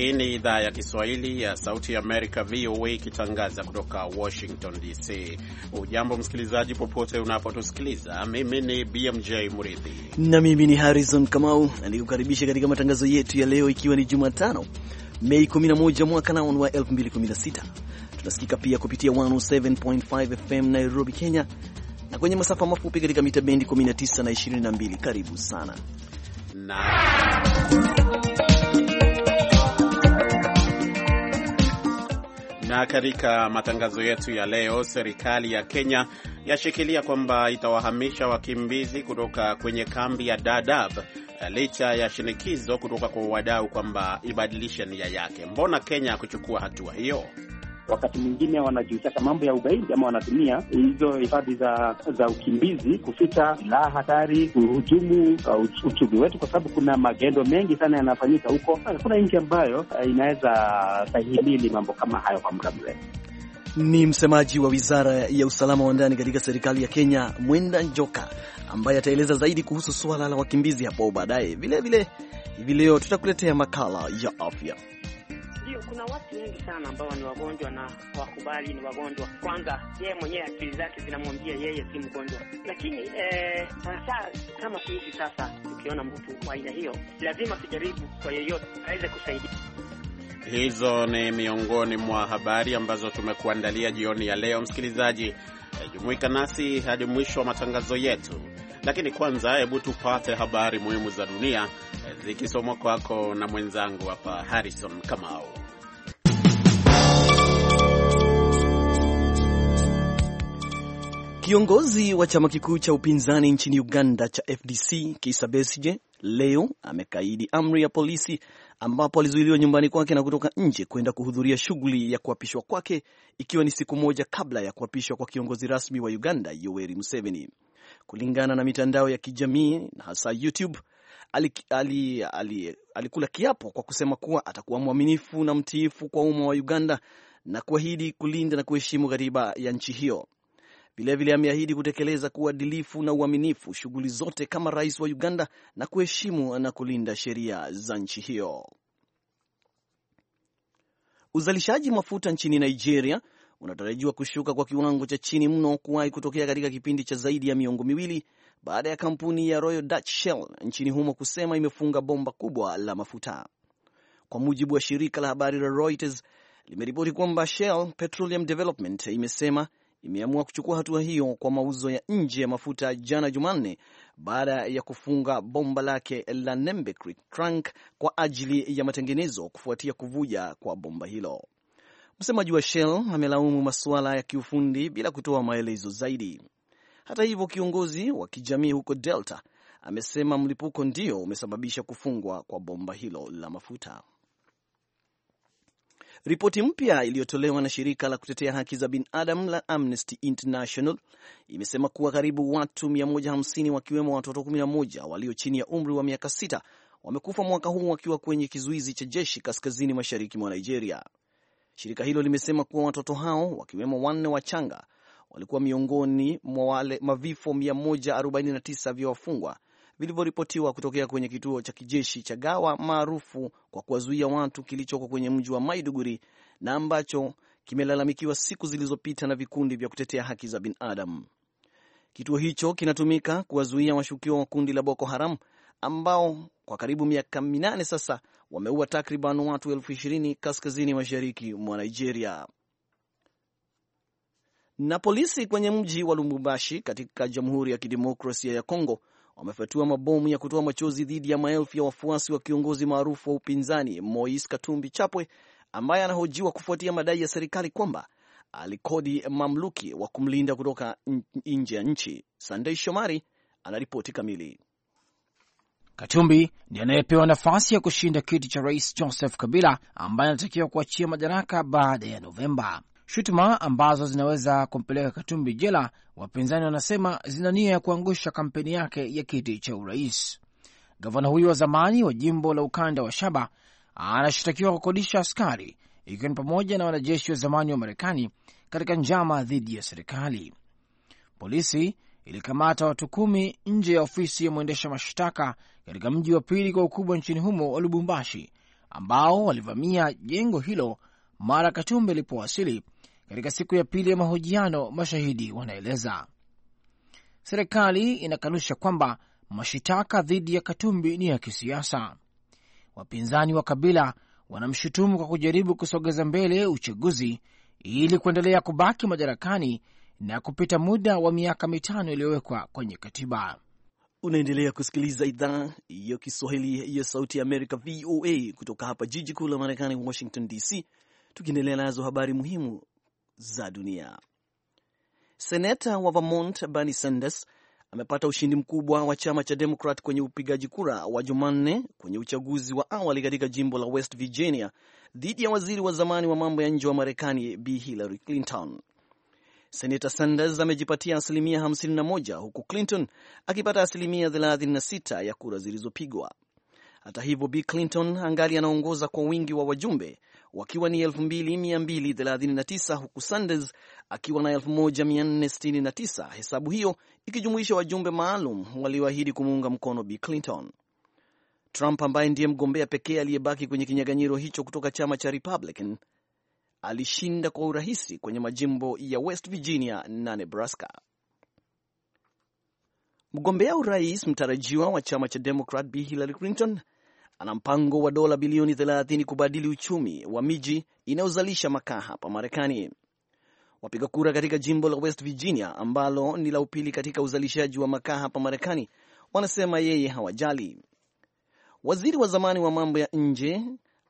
Hii ni idhaa ya Kiswahili ya Sauti ya Amerika, VOA, ikitangaza kutoka Washington DC. Ujambo msikilizaji, popote unapotusikiliza. Mimi ni BMJ Murithi na mimi ni Harrison Kamau, nikukaribisha katika matangazo yetu ya leo, ikiwa ni Jumatano Mei 11 mwaka naon wa 2016. Tunasikika pia kupitia 107.5 FM Nairobi, Kenya, na kwenye masafa mafupi katika mita bendi 19 na 22. Karibu sana na Na katika matangazo yetu ya leo, serikali ya Kenya yashikilia kwamba itawahamisha wakimbizi kutoka kwenye kambi ya Dadaab licha ya shinikizo kutoka kwa wadau kwamba ibadilishe nia yake. Mbona Kenya kuchukua hatua hiyo? wakati mwingine wanajihusisha mambo ya ugaidi ama wanatumia hizo hifadhi za za ukimbizi kuficha la hatari kuhujumu uh, uchumi wetu, kwa sababu kuna magendo mengi sana yanafanyika huko. Hakuna nchi ambayo uh, inaweza stahimili mambo kama hayo kwa muda mrefu. Ni msemaji wa wizara ya usalama wa ndani katika serikali ya Kenya, Mwenda Njoka, ambaye ataeleza zaidi kuhusu suala la wakimbizi hapo baadaye. Vilevile hivi leo tutakuletea makala ya afya kuna watu wengi sana ambao ni wagonjwa na wakubali ni wagonjwa. Kwanza yeye mwenyewe akili zake zinamwambia yeye si mgonjwa, lakini eh, hasa kama hivi sasa tukiona mtu wa aina hiyo, lazima tujaribu kwa yeyote aweze kusaidia. Hizo ni miongoni mwa habari ambazo tumekuandalia jioni ya leo. Msikilizaji, eh, jumuika nasi hadi mwisho wa matangazo yetu, lakini kwanza, hebu tupate habari muhimu za dunia eh, zikisomwa kwako na mwenzangu hapa Harrison Kamau. Kiongozi wa chama kikuu cha upinzani nchini Uganda cha FDC Kisa Besigye leo amekaidi amri ya polisi, ambapo alizuiliwa nyumbani kwake na kutoka nje kwenda kuhudhuria shughuli ya kuapishwa kwake, ikiwa ni siku moja kabla ya kuapishwa kwa kiongozi rasmi wa Uganda Yoweri Museveni. Kulingana na mitandao ya kijamii na hasa YouTube, alikula ali, ali, ali kiapo kwa kusema kuwa atakuwa mwaminifu na mtiifu kwa umma wa Uganda na kuahidi kulinda na kuheshimu katiba ya nchi hiyo. Vilevile ameahidi kutekeleza kwa uadilifu na uaminifu shughuli zote kama rais wa Uganda na kuheshimu na kulinda sheria za nchi hiyo. Uzalishaji mafuta nchini Nigeria unatarajiwa kushuka kwa kiwango cha chini mno kuwahi kutokea katika kipindi cha zaidi ya miongo miwili baada ya kampuni ya Royal Dutch Shell nchini humo kusema imefunga bomba kubwa la mafuta. Kwa mujibu wa shirika la habari la Reuters, limeripoti kwamba Shell Petroleum Development imesema imeamua kuchukua hatua hiyo kwa mauzo ya nje ya mafuta jana Jumanne baada ya kufunga bomba lake la Nembe Creek Trunk kwa ajili ya matengenezo kufuatia kuvuja kwa bomba hilo. Msemaji wa Shell amelaumu masuala ya kiufundi bila kutoa maelezo zaidi. Hata hivyo, kiongozi wa kijamii huko Delta amesema mlipuko ndio umesababisha kufungwa kwa bomba hilo la mafuta. Ripoti mpya iliyotolewa na shirika la kutetea haki za binadamu la Amnesty International imesema kuwa karibu watu 150 wakiwemo watoto 11 walio chini ya umri wa miaka 6 wamekufa mwaka huu wakiwa kwenye kizuizi cha jeshi kaskazini mashariki mwa Nigeria. Shirika hilo limesema kuwa watoto hao wakiwemo wanne wachanga walikuwa miongoni mwa wale mavifo 149 vya wafungwa vilivyoripotiwa kutokea kwenye kituo cha kijeshi cha Gawa maarufu kwa kuwazuia watu kilichoko kwenye mji wa Maiduguri na ambacho kimelalamikiwa siku zilizopita na vikundi vya kutetea haki za binadamu. Kituo hicho kinatumika kuwazuia washukiwa wa kundi la Boko Haram ambao kwa karibu miaka minane sasa wameua takriban watu elfu ishirini kaskazini mashariki mwa Nigeria. Na polisi kwenye mji wa Lubumbashi katika Jamhuri ya Kidemokrasia ya Kongo wamefatua mabomu ya kutoa machozi dhidi ya maelfu ya wafuasi wa kiongozi maarufu wa upinzani Moise Katumbi Chapwe ambaye anahojiwa kufuatia madai ya serikali kwamba alikodi mamluki wa kumlinda kutoka nje ya nchi. Sandei Shomari anaripoti kamili. Katumbi ndiye anayepewa nafasi ya kushinda kiti cha rais Joseph Kabila ambaye anatakiwa kuachia madaraka baada ya Novemba shutuma ambazo zinaweza kumpeleka Katumbi jela. Wapinzani wanasema zina nia ya kuangusha kampeni yake ya kiti cha urais. Gavana huyo wa zamani wa jimbo la ukanda wa Shaba anashitakiwa kukodisha askari, ikiwa ni pamoja na wanajeshi wa zamani wa Marekani katika njama dhidi ya serikali. Polisi ilikamata watu kumi nje ya ofisi ya mwendesha mashtaka katika mji wa pili kwa ukubwa nchini humo wa Lubumbashi, ambao walivamia jengo hilo mara Katumbi alipowasili katika siku ya pili ya mahojiano, mashahidi wanaeleza serikali inakanusha kwamba mashitaka dhidi ya Katumbi ni ya kisiasa. Wapinzani wa Kabila wanamshutumu kwa kujaribu kusogeza mbele uchaguzi ili kuendelea kubaki madarakani na kupita muda wa miaka mitano iliyowekwa kwenye katiba. Unaendelea kusikiliza idhaa ya Kiswahili ya Sauti ya Amerika, VOA, kutoka hapa jiji kuu la Marekani, Washington DC, tukiendelea nazo habari muhimu za dunia. Seneta wa Vermont Bernie Sanders amepata ushindi mkubwa wa chama cha Demokrat kwenye upigaji kura wa Jumanne kwenye uchaguzi wa awali katika jimbo la West Virginia dhidi ya waziri wa zamani wa mambo ya nje wa Marekani Bi Hillary Clinton. Senata Sanders amejipatia asilimia 51 huku Clinton akipata asilimia 36 ya kura zilizopigwa. Hata hivyo, Bi Clinton angali anaongoza kwa wingi wa wajumbe wakiwa ni 2239 huku Sanders akiwa na 1469, hesabu hiyo ikijumuisha wajumbe maalum walioahidi kumuunga mkono Bi Clinton. Trump ambaye ndiye mgombea pekee aliyebaki kwenye kinyaganyiro hicho kutoka chama cha Republican alishinda kwa urahisi kwenye majimbo ya West Virginia na Nebraska. Mgombea urais mtarajiwa wa chama cha Democrat Bi Hillary Clinton ana mpango wa dola bilioni 30 kubadili uchumi wa miji inayozalisha makaa hapa Marekani. Wapiga kura katika jimbo la West Virginia ambalo ni la upili katika uzalishaji wa makaa hapa Marekani wanasema yeye hawajali. Waziri wa zamani wa mambo ya nje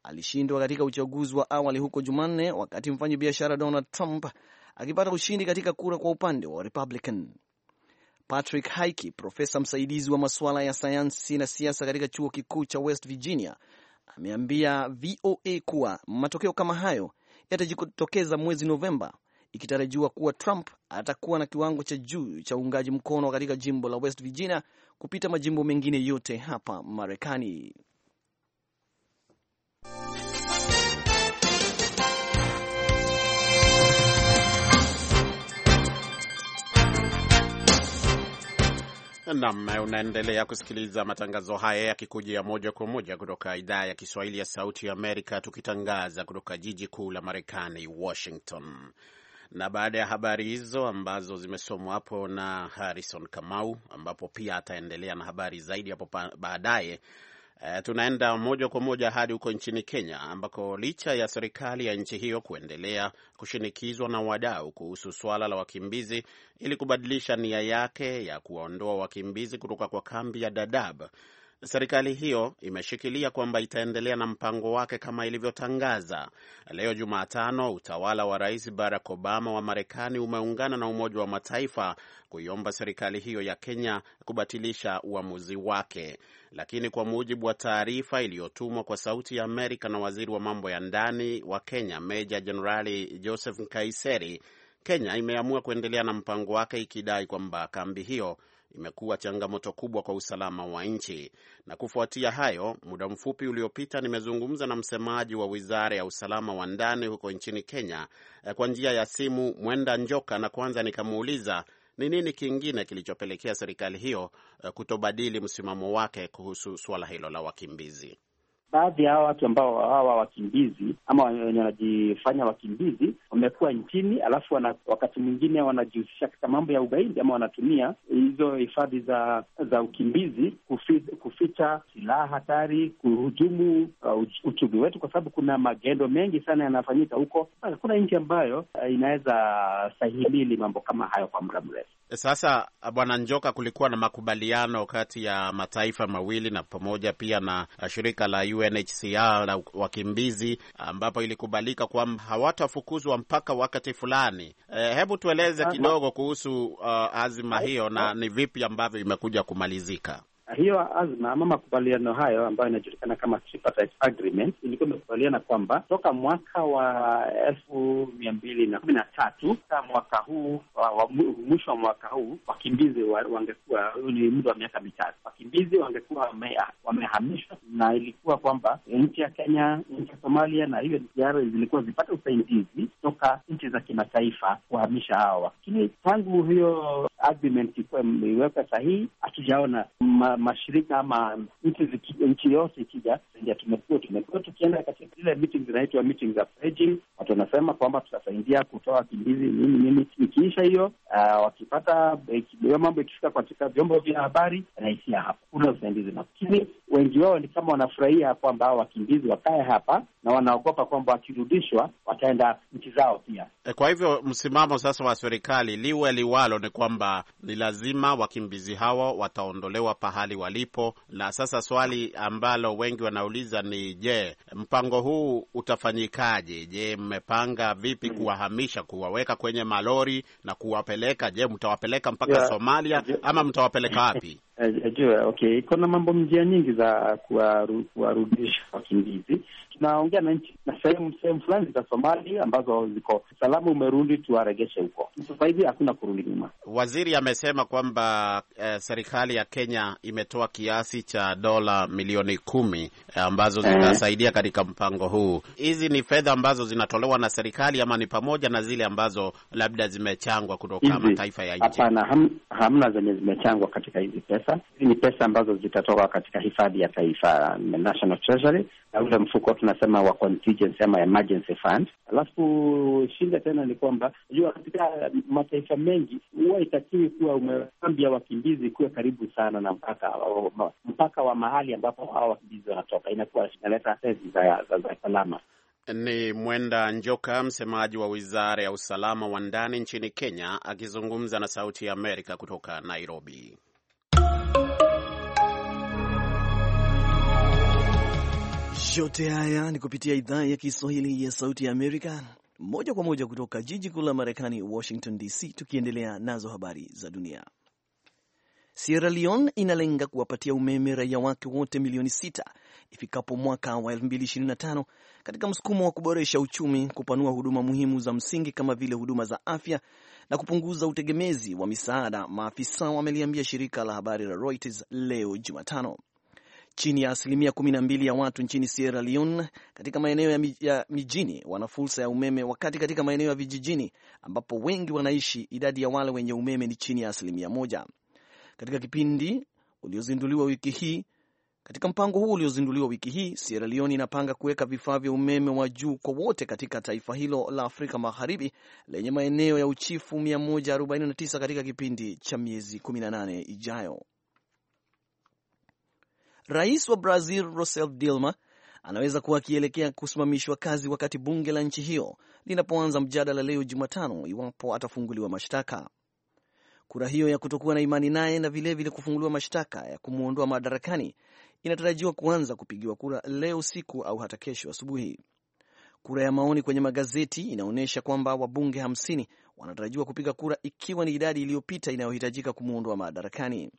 alishindwa katika uchaguzi wa awali huko Jumanne, wakati mfanyabiashara Donald Trump akipata ushindi katika kura kwa upande wa Republican. Patrick Haiki, profesa msaidizi wa masuala ya sayansi na siasa katika chuo kikuu cha West Virginia, ameambia VOA kuwa matokeo kama hayo yatajitokeza mwezi Novemba, ikitarajiwa kuwa Trump atakuwa na kiwango cha juu cha uungaji mkono katika jimbo la West Virginia kupita majimbo mengine yote hapa Marekani. Nam, unaendelea kusikiliza matangazo haya yakikujia moja kwa moja kutoka idhaa ya Kiswahili ya Sauti ya Amerika, tukitangaza kutoka jiji kuu la Marekani, Washington. Na baada ya habari hizo ambazo zimesomwa hapo na Harrison Kamau, ambapo pia ataendelea na habari zaidi hapo baadaye E, tunaenda moja kwa moja hadi huko nchini Kenya ambako licha ya serikali ya nchi hiyo kuendelea kushinikizwa na wadau kuhusu swala la wakimbizi ili kubadilisha nia yake ya kuwaondoa wakimbizi kutoka kwa kambi ya Dadaab, Serikali hiyo imeshikilia kwamba itaendelea na mpango wake kama ilivyotangaza leo Jumatano. Utawala wa Rais Barack Obama wa Marekani umeungana na Umoja wa Mataifa kuiomba serikali hiyo ya Kenya kubatilisha uamuzi wake, lakini kwa mujibu wa taarifa iliyotumwa kwa Sauti ya Amerika na waziri wa mambo ya ndani wa Kenya Meja Jenerali Joseph Nkaiseri, Kenya imeamua kuendelea na mpango wake ikidai kwamba kambi hiyo imekuwa changamoto kubwa kwa usalama wa nchi. Na kufuatia hayo, muda mfupi uliopita nimezungumza na msemaji wa wizara ya usalama wa ndani huko nchini Kenya eh, kwa njia ya simu, Mwenda Njoka, na kwanza nikamuuliza ni nini kingine kilichopelekea serikali hiyo eh, kutobadili msimamo wake kuhusu suala hilo la wakimbizi baadhi ya hawa watu ambao hawa wakimbizi ama wenye wanajifanya wakimbizi wamekuwa nchini, alafu wana, wakati mwingine wanajihusisha katika mambo ya ugaidi ama wanatumia hizo hifadhi za za ukimbizi kufi, kuficha silaha hatari, kuhujumu uh, uchumi wetu, kwa sababu kuna magendo mengi sana yanafanyika huko. Kuna nchi ambayo uh, inaweza sahimili mambo kama hayo kwa muda mrefu. Sasa eh, Bwana Njoka, kulikuwa na makubaliano kati ya mataifa mawili na pamoja pia na eh, shirika la UNHCR la wakimbizi, ambapo ilikubalika kwamba hawatafukuzwa mpaka wakati fulani. E, hebu tueleze ah, kidogo kuhusu uh, azima ah, hiyo na ah. ni vipi ambavyo imekuja kumalizika hiyo azma ama makubaliano hayo ambayo inajulikana kama tripartite agreement ilikuwa imekubaliana kwamba toka mwaka wa elfu mia mbili na kumi na tatu ka mwaka huu mwisho wa mwaka huu wakimbizi wangekuwa ni muda wa miaka mitatu, wakimbizi wangekuwa wamehamishwa, na ilikuwa kwamba nchi ya Kenya, nchi ya Somalia na hiyo ziara zilikuwa zipate usaidizi toka nchi za kimataifa kuhamisha hawa, lakini tangu hiyo agreement sahihi hatujaona mashirika ama nchi nchi yote ikija India, tumekuwa tumekuwa tukienda katika zile meetings zinaitwa meetings za Watu wanasema kwamba tutasaidia kutoa wakimbizi nini nini. Ikiisha hiyo uh, wakipata hiyo mambo ikifika katika vyombo vya habari, anaishia hapa kuna usaidizi, lakini wengi wao ni kama wanafurahia kwamba wakimbizi wakae hapa na wanaogopa kwamba wakirudishwa wataenda nchi zao pia. E, kwa hivyo msimamo sasa wa serikali liwe liwalo ni kwamba ni lazima wakimbizi hawa wataondolewa pahali mahali walipo. Na sasa swali ambalo wengi wanauliza ni je, mpango huu utafanyikaje? Je, mmepanga vipi hmm. kuwahamisha, kuwaweka kwenye malori na kuwapeleka? Je, mtawapeleka mpaka yeah, Somalia ama mtawapeleka wapi? Jua okay, kuna mambo njia nyingi za kuwarudisha wakimbizi tunaongea na nchi na sehemu sehemu fulani za Somali ambazo ziko salama, umerudi tuwaregeshe huko. Sasa hivi hakuna kurudi nyuma. Waziri amesema kwamba eh, serikali ya Kenya imetoa kiasi cha dola milioni kumi eh, ambazo zitasaidia eh, katika mpango huu. Hizi ni fedha ambazo zinatolewa na serikali ama ni pamoja na zile ambazo labda zimechangwa kutoka mataifa ya nje? Hapana, ham, hamna zenye zimechangwa katika hizi pesa. Hizi ni pesa ambazo zitatoka katika hifadhi ya taifa, National Treasury na ule mfuko tunasema wa contingency ama emergency fund. Alafu shida tena ni kwamba jua, katika mataifa mengi huwa itakiwi kuwa umekambia wakimbizi kuwa karibu sana na mpaka mpaka wa mahali ambapo hawa wakimbizi wanatoka, inakuwa inaleta sesi za salama. Ni Mwenda Njoka, msemaji wa wizara ya usalama wa ndani nchini Kenya, akizungumza na Sauti ya Amerika kutoka Nairobi. Yote haya ni kupitia idhaa ya Kiswahili ya Sauti ya Amerika, moja kwa moja kutoka jiji kuu la Marekani, Washington DC. Tukiendelea nazo habari za dunia, Sierra Leone inalenga kuwapatia umeme raia wake wote milioni sita ifikapo mwaka wa 2025 katika msukumo wa kuboresha uchumi, kupanua huduma muhimu za msingi kama vile huduma za afya na kupunguza utegemezi wa misaada, maafisa wameliambia shirika la habari la Reuters leo Jumatano. Chini ya asilimia 12 ya watu nchini Sierra Leone katika maeneo ya mijini wana fursa ya umeme, wakati katika maeneo ya vijijini ambapo wengi wanaishi, idadi ya wale wenye umeme ni chini ya asilimia moja. Katika kipindi uliozinduliwa wiki hii katika mpango huu uliozinduliwa wiki hii, Sierra Leone inapanga kuweka vifaa vya umeme wa juu kwa wote katika taifa hilo la Afrika Magharibi lenye maeneo ya uchifu 149 katika kipindi cha miezi 18 ijayo. Rais wa Brazil Rousseff Dilma anaweza kuwa akielekea kusimamishwa kazi wakati bunge la nchi hiyo linapoanza mjadala leo Jumatano iwapo atafunguliwa mashtaka. Kura hiyo ya kutokuwa na imani naye na vilevile vile kufunguliwa mashtaka ya kumwondoa madarakani inatarajiwa kuanza kupigiwa kura leo siku au hata kesho asubuhi. Kura ya maoni kwenye magazeti inaonyesha kwamba wabunge 50 wanatarajiwa kupiga kura ikiwa ni idadi iliyopita inayohitajika kumwondoa madarakani.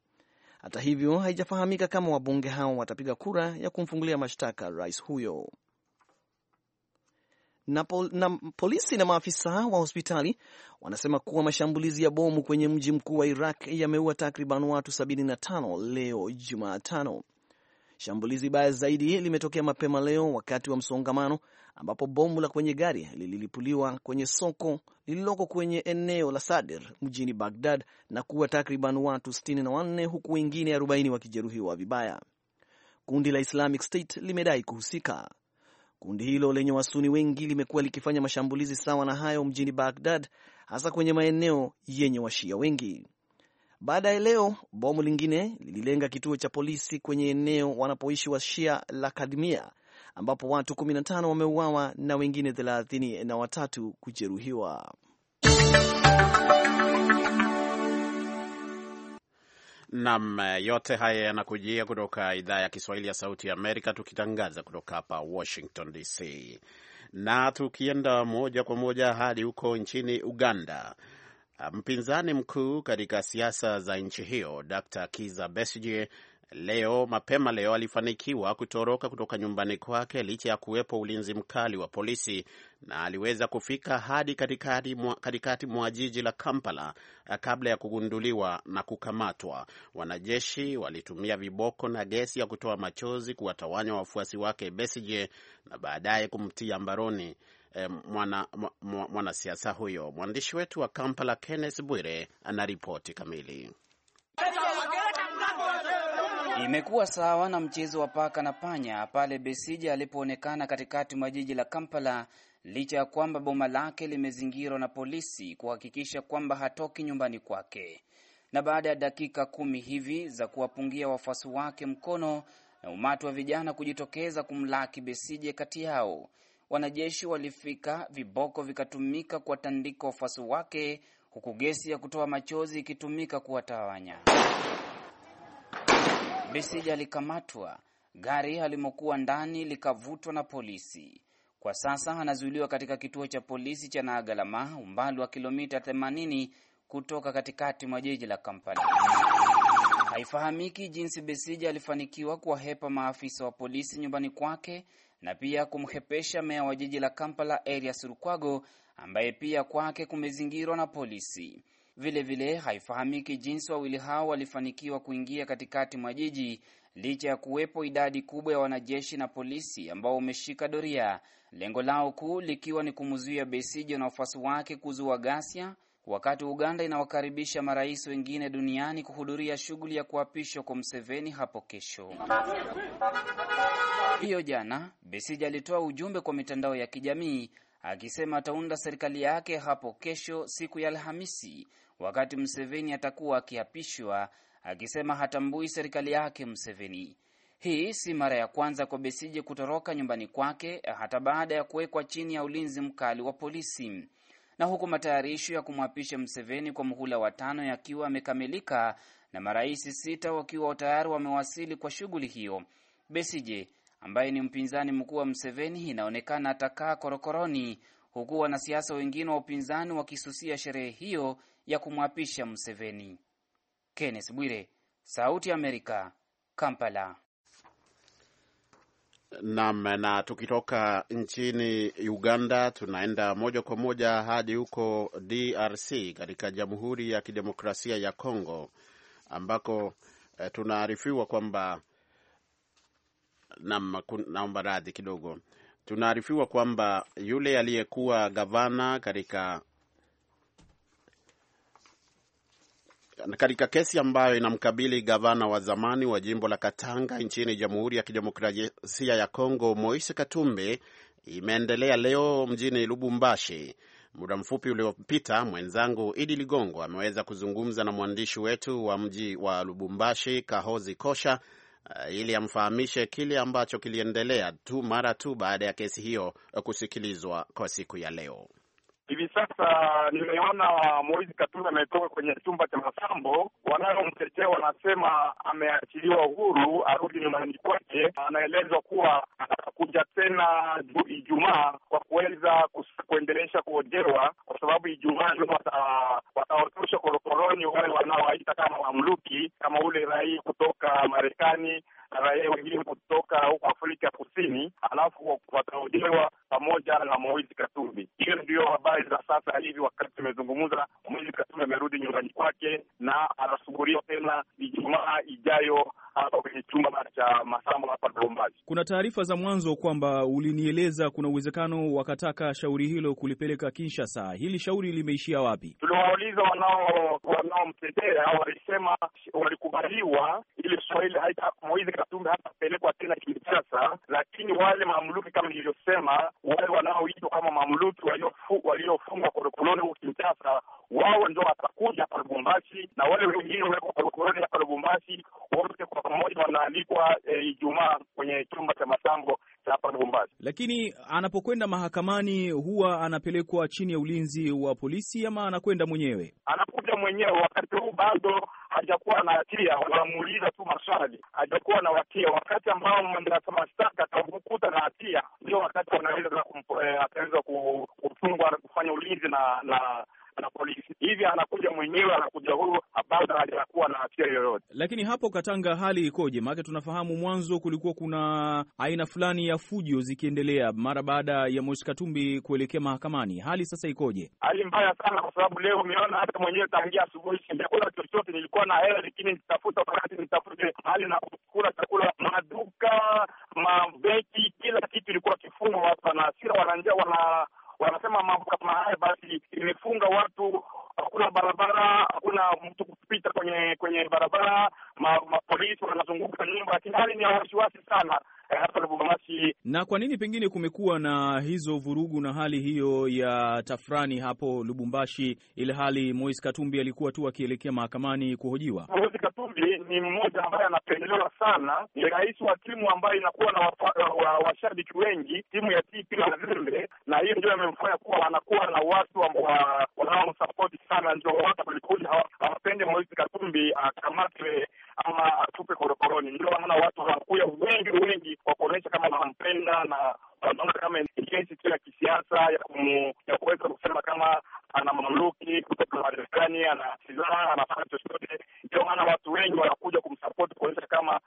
Hata hivyo, haijafahamika kama wabunge hao watapiga kura ya kumfungulia mashtaka rais huyo. Na, pol, na polisi na maafisa wa hospitali wanasema kuwa mashambulizi ya bomu kwenye mji mkuu wa Iraq yameua takriban watu 75 leo Jumatano. Shambulizi baya zaidi limetokea mapema leo wakati wa msongamano, ambapo bomu la kwenye gari lililipuliwa kwenye soko lililoko kwenye eneo la sadir mjini Bagdad na kuwa takriban watu 64 huku wengine 40 wakijeruhiwa vibaya. Kundi la Islamic State limedai kuhusika. Kundi hilo lenye wasuni wengi limekuwa likifanya mashambulizi sawa na hayo mjini Bagdad, hasa kwenye maeneo yenye washia wengi baada ya leo bomu lingine lililenga kituo cha polisi kwenye eneo wanapoishi Washia la Kadmia ambapo watu 15 wameuawa na wengine 33 kujeruhiwa. Nam, yote haya yanakujia kutoka idhaa ya Kiswahili ya Sauti ya Amerika, tukitangaza kutoka hapa Washington DC, na tukienda moja kwa moja hadi huko nchini Uganda Mpinzani mkuu katika siasa za nchi hiyo Dr Kiza Besige leo mapema leo alifanikiwa kutoroka kutoka nyumbani kwake licha ya kuwepo ulinzi mkali wa polisi, na aliweza kufika hadi katikati mwa, katikati mwa jiji la Kampala eh, kabla ya kugunduliwa na kukamatwa. Wanajeshi walitumia viboko na gesi ya kutoa machozi kuwatawanya wafuasi wake Besigye na baadaye kumtia mbaroni Eh, mwanasiasa mwana, mwana huyo. Mwandishi wetu wa Kampala Kenneth Bwire ripoti kamili. Imekuwa sawa na mchezo wa paka na panya pale Besija alipoonekana katikati mwa jiji la Kampala, licha ya kwamba boma lake limezingirwa na polisi kuhakikisha kwamba hatoki nyumbani kwake, na baada ya dakika kumi hivi za kuwapungia wafuasi wake mkono na umati wa vijana kujitokeza kumlaki Besije kati yao wanajeshi walifika, viboko vikatumika kuwatandika wafuasi wake, huku gesi ya kutoa machozi ikitumika kuwatawanya. Besija alikamatwa, gari alimokuwa ndani likavutwa na polisi. Kwa sasa anazuiliwa katika kituo cha polisi cha Naagalama, umbali wa kilomita 80 kutoka katikati mwa jiji la Kampala. Haifahamiki jinsi Besija alifanikiwa kuwahepa maafisa wa polisi nyumbani kwake na pia kumhepesha meya wa jiji la Kampala Erias Lukwago ambaye pia kwake kumezingirwa na polisi. Vilevile vile, haifahamiki jinsi wawili hao walifanikiwa kuingia katikati mwa jiji licha ya kuwepo idadi kubwa ya wanajeshi na polisi ambao wameshika doria, lengo lao kuu likiwa ni kumzuia Besigye na wafuasi wake kuzua ghasia wakati Uganda inawakaribisha marais wengine duniani kuhudhuria shughuli ya kuapishwa kwa Mseveni hapo kesho. Hiyo jana, Besigye alitoa ujumbe kwa mitandao ya kijamii akisema ataunda serikali yake hapo kesho, siku ya Alhamisi, wakati Mseveni atakuwa akiapishwa, akisema hatambui serikali yake Mseveni. Hii si mara ya kwanza kwa Besigye kutoroka nyumbani kwake, hata baada ya kuwekwa chini ya ulinzi mkali wa polisi na huku matayarisho ya kumwapisha Mseveni kwa muhula wa tano yakiwa yamekamilika na marais sita wakiwa tayari wamewasili kwa shughuli hiyo, Besije ambaye ni mpinzani mkuu wa Mseveni inaonekana atakaa korokoroni, huku wanasiasa wengine wa upinzani wakisusia sherehe hiyo ya kumwapisha Mseveni. Kenneth Bwire, Sauti ya Amerika, Kampala. Naam, na tukitoka nchini Uganda tunaenda moja kwa moja hadi huko DRC katika Jamhuri ya Kidemokrasia ya congo ambako eh, tunaarifiwa kwamba naam, naomba radhi kidogo, tunaarifiwa kwamba yule aliyekuwa gavana katika katika kesi ambayo inamkabili gavana wa zamani wa jimbo la Katanga nchini Jamhuri ya Kidemokrasia ya Kongo Moise Katumbi imeendelea leo mjini Lubumbashi. Muda mfupi uliopita mwenzangu Idi Ligongo ameweza kuzungumza na mwandishi wetu wa mji wa Lubumbashi, Kahozi Kosha, eh, ili amfahamishe kile ambacho kiliendelea tu mara tu baada ya kesi hiyo kusikilizwa kwa siku ya leo. Hivi sasa nimeona moizi Katumbi ametoka kwenye chumba cha masambo. Wanayomtetea wanasema ameachiliwa uhuru, arudi nyumbani kwake. Anaelezwa kuwa atakuja tena Ijumaa kwa kuweza kuendelesha kuojewa, kwa sababu Ijumaa ndio wataotosha korokoroni wale wanaowaita kama mamluki, kama ule raia kutoka Marekani raia wengine kutoka huko Afrika Kusini, alafu wataojewa pamoja na Moizi Katumbi. Hiyo ndiyo habari za sasa hivi. Wakati tumezungumza, Moizi Katumbi amerudi nyumbani kwake na anasuguriwa tena Ijumaa ijayo hapa kwenye chumba cha Masambo hapa Lubumbashi. Kuna taarifa za mwanzo kwamba ulinieleza kuna uwezekano wakataka shauri hilo kulipeleka Kinshasa. Hili shauri limeishia wapi? Tuliwauliza wanaomtetea, walisema walikubaliwa ile Swahili Moise Katumbi hatapelekwa tena Kinshasa, lakini wale mamluki kama nilivyosema, wale wanaoitwa kama mamluki waliofungwa korokoroni huko Kinshasa, wao ndio watakuja hapa Lubumbashi, na wale wengine wako korokoroni hapa Lubumbashi, wote kwa pamoja wanaalikwa eh, Ijumaa kwenye chumba cha masambo hapa Mombasa. Lakini anapokwenda mahakamani huwa anapelekwa chini ya ulinzi wa polisi ama anakwenda mwenyewe? Anakuja mwenyewe. Wakati huu bado hajakuwa na hatia, wanamuuliza tu maswali, hajakuwa na hatia. Wakati ambao mwendesha mashtaka atakukuta na hatia, ndio wakati wanaweza eh, ataweza kutungwa kufanya ulinzi na na na polisi. Hivi anakuja mwenyewe, anakuja huyo bado hajakuwa na hatia yoyote. Lakini hapo Katanga hali ikoje? maake tunafahamu mwanzo kulikuwa kuna aina fulani ya fujo zikiendelea mara baada ya Moise Katumbi kuelekea mahakamani. Hali sasa ikoje? Hali mbaya sana, kwa sababu leo umeona hata mwenyewe tangia asubuhi sijakula chochote. Nilikuwa na hela, lakini nitafuta wakati nitafute hali na kukula chakula, maduka mabenki, kila kitu ilikuwa kifungwa hapa, na hasira wananjia wana wanasema mambo kama haya, basi imefunga watu, hakuna barabara, hakuna mtu kupita kwenye kwenye barabara, mapolisi ma wanazunguka nyumba, lakini hali ni ya wasiwasi sana. Eh, hapa Lubumbashi Na kwa nini pengine kumekuwa na hizo vurugu na hali hiyo ya tafrani hapo Lubumbashi, ili hali Moise Katumbi alikuwa tu akielekea mahakamani kuhojiwa? Moise Katumbi ni mmoja ambaye anapendelewa sana, ni rais wa timu ambayo inakuwa na washabiki wa, wa wengi, timu ya TP Mazembe, na hiyo ndio amemfanya kuwa anakuwa na watu wanaomsapoti wa, sana, ndio watu kulikuli hawapende Moise Katumbi akamatwe ama atupe korokoroni. Ndio maana watu wanakuya wengi wengi kwa kuonyesha kama wanampenda na wanaona kama kesi tu ya kisiasa ya kuweza kusema kama ana mamluki kutoka Marekani, ana silaha, anafanya chochote. Ndio maana watu wengi wanakuja kumsupport kuonyesha kama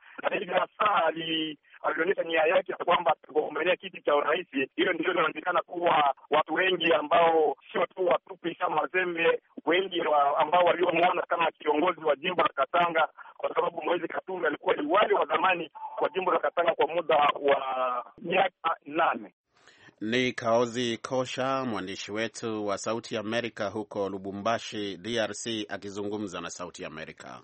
saa ali alionyesha nia yake ya kwamba atagombania kiti cha urais. Hiyo ndio inaonekana kuwa watu wengi ambao sio tu watupi kama mazembe, wengi ambao waliomwona kama kiongozi wa jimbo la Katanga kwa sababu Moise Katumbi alikuwa liwali wa zamani kwa jimbo la Katanga kwa muda wa miaka nane. Ni Kaozi Kosha, mwandishi wetu wa Sauti Amerika huko Lubumbashi, DRC, akizungumza na Sauti Amerika.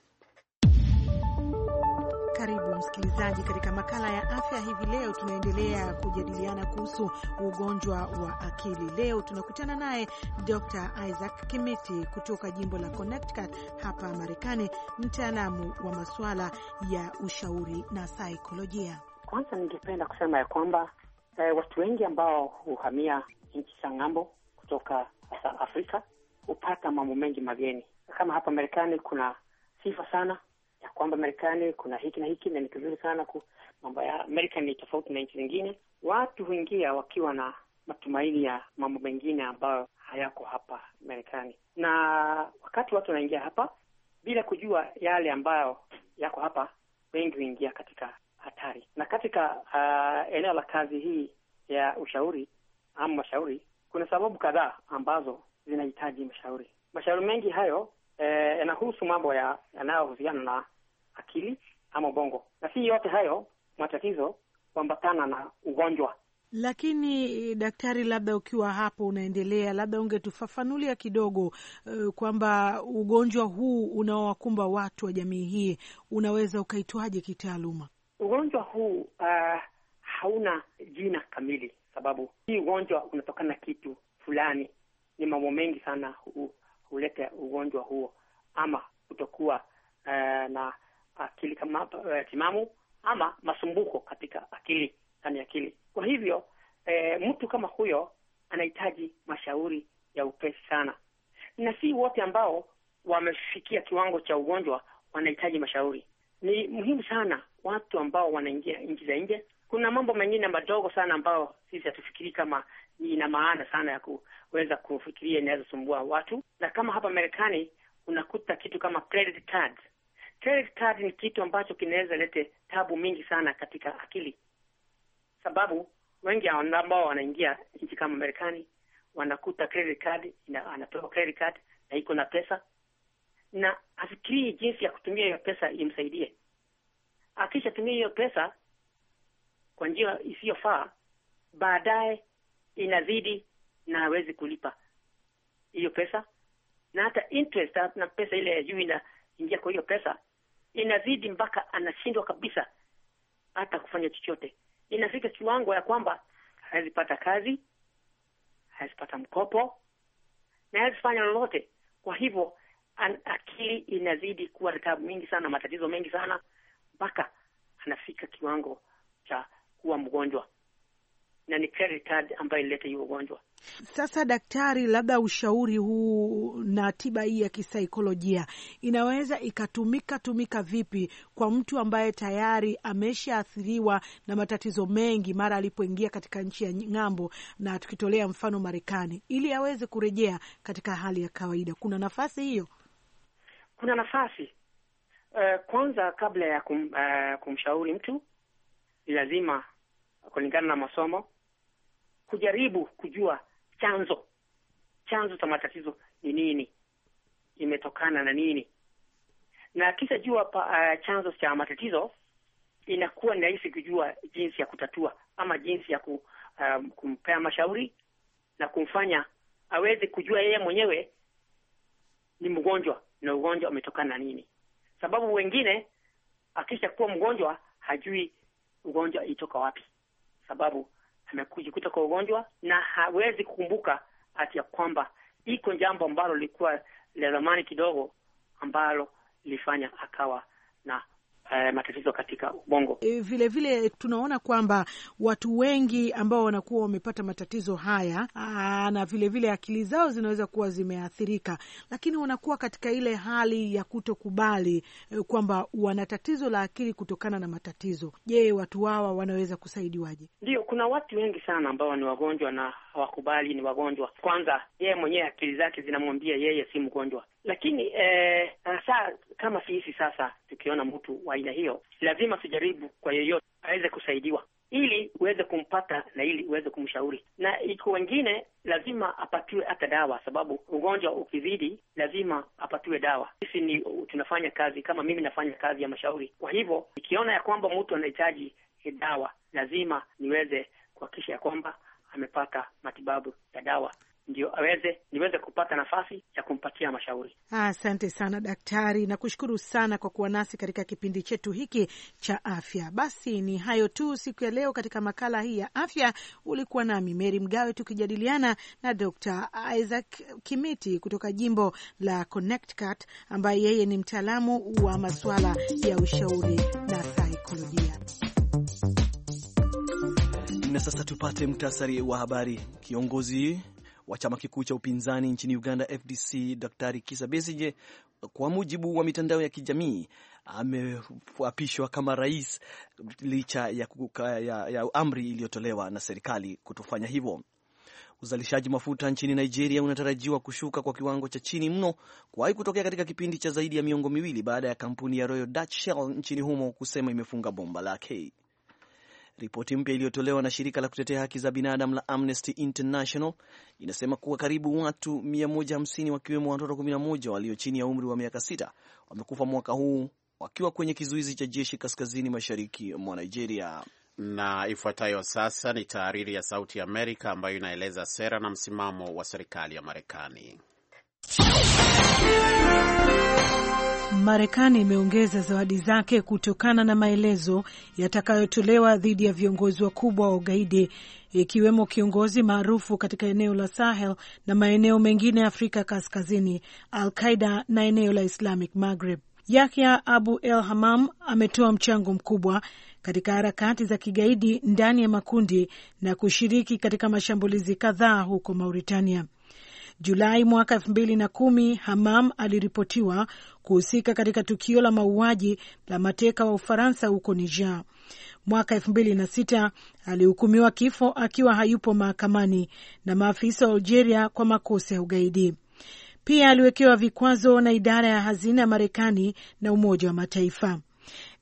Karibu msikilizaji, katika makala ya afya hivi leo. Tunaendelea kujadiliana kuhusu ugonjwa wa akili. Leo tunakutana naye Dr. Isaac Kimiti kutoka jimbo la Connecticut hapa Marekani, mtaalamu wa masuala ya ushauri na saikolojia. Kwanza ningependa kusema ya kwamba eh, watu wengi ambao huhamia nchi za ng'ambo kutoka hasa Afrika hupata mambo mengi mageni. Kama hapa Marekani kuna sifa sana ya kwamba Marekani kuna hiki na hiki na ni kizuri sana ku, mambo ya Amerika ni tofauti na nchi zingine. Watu huingia wakiwa na matumaini ya mambo mengine ambayo hayako hapa Marekani, na wakati watu wanaingia hapa bila kujua yale ambayo yako hapa, wengi huingia katika hatari. Na katika uh, eneo la kazi hii ya ushauri ama mashauri, kuna sababu kadhaa ambazo zinahitaji mashauri. Mashauri mengi hayo eh, yanahusu eh, mambo yanayohusiana na akili ama ubongo, na si yote hayo matatizo kuambatana na ugonjwa. Lakini daktari, labda ukiwa hapo unaendelea, labda ungetufafanulia kidogo uh, kwamba ugonjwa huu unaowakumba watu wa jamii hii unaweza ukaitwaje kitaaluma? Ugonjwa huu uh, hauna jina kamili, sababu hii ugonjwa unatokana na kitu fulani. Ni mambo mengi sana huleta ugonjwa huo, ama kutokuwa uh, na akili kama eh, timamu ama masumbuko katika akili, ndani akili. Kwa hivyo e, mtu kama huyo anahitaji mashauri ya upesi sana, na si wote ambao wamefikia kiwango cha ugonjwa wanahitaji mashauri. Ni muhimu sana watu ambao wanaingia nchi za nje. Kuna mambo mengine madogo sana ambayo sisi hatufikiri kama ina maana sana ya kuweza kufikiria inaweza sumbua watu, na kama hapa Marekani unakuta kitu kama credit cards Credit card ni kitu ambacho kinaweza lete tabu mingi sana katika akili, sababu wengi ambao wanaingia nchi kama Marekani wanakuta credit card, anapewa credit card na iko na pesa na afikirii jinsi ya kutumia hiyo pesa imsaidie. Akishatumia hiyo pesa kwa njia isiyofaa, baadaye inazidi na hawezi kulipa hiyo pesa, na hata interest na pesa ile ya juu ina ingia kwa hiyo pesa, inazidi mpaka anashindwa kabisa hata kufanya chochote. Inafika kiwango ya kwamba hawezi pata kazi, hawezi pata mkopo na hawezi fanya lolote. Kwa hivyo akili inazidi kuwa na taabu mingi sana, matatizo mengi sana, mpaka anafika kiwango cha kuwa mgonjwa na ni Cleritat ambayo ilileta hiyo ugonjwa. Sasa daktari, labda ushauri huu na tiba hii ya kisaikolojia inaweza ikatumika tumika vipi kwa mtu ambaye tayari ameshaathiriwa na matatizo mengi mara alipoingia katika nchi ya ng'ambo, na tukitolea mfano Marekani, ili aweze kurejea katika hali ya kawaida? Kuna nafasi hiyo? Kuna nafasi. Uh, kwanza kabla ya kum, uh, kumshauri mtu lazima kulingana na masomo kujaribu kujua chanzo chanzo cha matatizo ni nini, imetokana na nini, na kisha jua pa, uh, chanzo cha matatizo, inakuwa ni rahisi kujua jinsi ya kutatua ama jinsi ya ku, um, kumpea mashauri na kumfanya aweze kujua yeye mwenyewe ni mgonjwa na ugonjwa umetokana na nini, sababu wengine akisha kuwa mgonjwa hajui ugonjwa itoka wapi, sababu amekujikuta kwa ugonjwa na hawezi kukumbuka hati ya kwamba iko jambo ambalo lilikuwa la zamani kidogo ambalo lilifanya akawa na eh, matatizo katika ubongo. E, vile vile tunaona kwamba watu wengi ambao wanakuwa wamepata matatizo haya aa, ah, na vile vile akili zao zinaweza kuwa zimeathirika, lakini wanakuwa katika ile hali ya kutokubali eh, kwamba wana tatizo la akili kutokana na matatizo. Je, watu hawa wanaweza kusaidiwaje? Ndio, kuna watu wengi sana ambao ni wagonjwa na hawakubali ni wagonjwa. Kwanza yeye mwenyewe akili zake zinamwambia yeye si mgonjwa, lakini eh, hasa kama sisi sasa tukiona mtu wa aina hiyo, lazima tujaribu kwa yeyote aweze kusaidiwa ili uweze kumpata na ili uweze kumshauri, na iko wengine lazima apatiwe hata dawa, sababu ugonjwa ukizidi lazima apatiwe dawa. Sisi ni tunafanya kazi kama mimi nafanya kazi ya mashauri, kwa hivyo ikiona ya kwamba mtu anahitaji dawa, lazima niweze kuhakikisha ya kwamba amepata matibabu ya dawa ndio aweze niweze kupata nafasi ya kumpatia mashauri. Asante sana daktari, nakushukuru sana kwa kuwa nasi katika kipindi chetu hiki cha afya. Basi ni hayo tu siku ya leo katika makala hii ya afya. Ulikuwa nami Meri Mgawe tukijadiliana na Dr. Isaac Kimiti kutoka jimbo la Connecticut, ambaye yeye ni mtaalamu wa masuala ya ushauri na saikolojia. Na sasa tupate mktasari wa habari. Kiongozi wa chama kikuu cha upinzani nchini Uganda FDC Daktari Kisa Besigye, kwa mujibu wa mitandao ya kijamii, ameapishwa kama rais licha ya, ya, ya amri iliyotolewa na serikali kutofanya hivyo. Uzalishaji mafuta nchini Nigeria unatarajiwa kushuka kwa kiwango cha chini mno kuwahi kutokea katika kipindi cha zaidi ya miongo miwili baada ya kampuni ya Royal Dutch Shell nchini humo kusema imefunga bomba lake. Ripoti mpya iliyotolewa na shirika la kutetea haki za binadamu la Amnesty International inasema kuwa karibu watu 150 wakiwemo watoto 11 walio chini ya umri wa miaka 6 wamekufa mwaka huu wakiwa kwenye kizuizi cha jeshi kaskazini mashariki mwa Nigeria. Na ifuatayo sasa ni taariri ya Sauti ya Amerika ambayo inaeleza sera na msimamo wa serikali ya Marekani. Marekani imeongeza zawadi zake kutokana na maelezo yatakayotolewa dhidi ya viongozi wakubwa wa ugaidi ikiwemo kiongozi maarufu katika eneo la Sahel na maeneo mengine ya Afrika Kaskazini, Al Qaida na eneo la Islamic Maghreb. Yahya Abu El Hamam ametoa mchango mkubwa katika harakati za kigaidi ndani ya makundi na kushiriki katika mashambulizi kadhaa huko Mauritania. Julai mwaka elfu mbili na kumi, Hamam aliripotiwa kuhusika katika tukio la mauaji la mateka wa Ufaransa huko Niger. Mwaka elfu mbili na sita alihukumiwa kifo akiwa hayupo mahakamani na maafisa wa Algeria kwa makosa ya ugaidi. Pia aliwekewa vikwazo na idara ya hazina ya Marekani na Umoja wa Mataifa.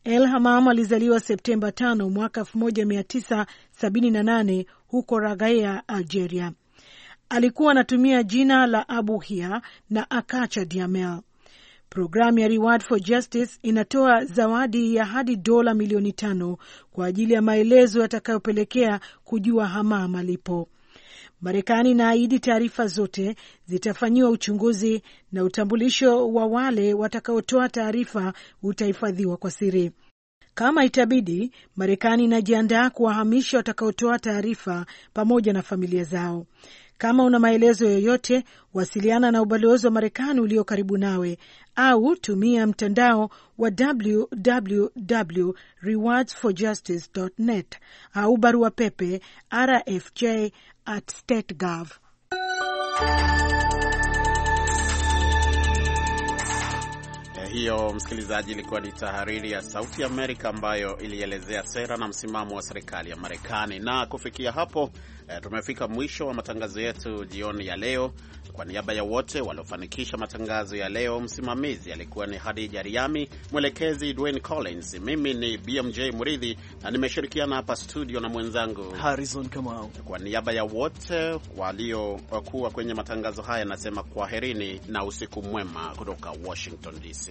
El Hamam alizaliwa Septemba 5 mwaka 1978 huko ragaia Algeria. Alikuwa anatumia jina la Abu Hia na Akacha Diamel. Programu ya Reward for Justice inatoa zawadi ya hadi dola milioni tano kwa ajili ya maelezo yatakayopelekea kujua hama malipo. Marekani inaahidi taarifa zote zitafanyiwa uchunguzi na utambulisho wa wale watakaotoa taarifa utahifadhiwa kwa siri. Kama itabidi, Marekani inajiandaa kuwahamisha watakaotoa taarifa pamoja na familia zao. Kama una maelezo yoyote, wasiliana na ubalozi wa Marekani ulio karibu nawe au tumia mtandao wa www net au barua pepe rfj at gov. Eh, hiyo msikilizaji, ilikuwa ni tahariri ya Sauti ya Amerika ambayo ilielezea sera na msimamo wa serikali ya Marekani. Na kufikia hapo, eh, tumefika mwisho wa matangazo yetu jioni ya leo. Kwa niaba ya wote waliofanikisha matangazo ya leo, msimamizi alikuwa ni Hadija Riami, mwelekezi Dwayne Collins, mimi ni BMJ Muridhi na nimeshirikiana hapa studio na mwenzangu Harrison Kamau. Kwa niaba ya wote waliokuwa kwenye matangazo haya, nasema kwaherini na usiku mwema kutoka Washington DC.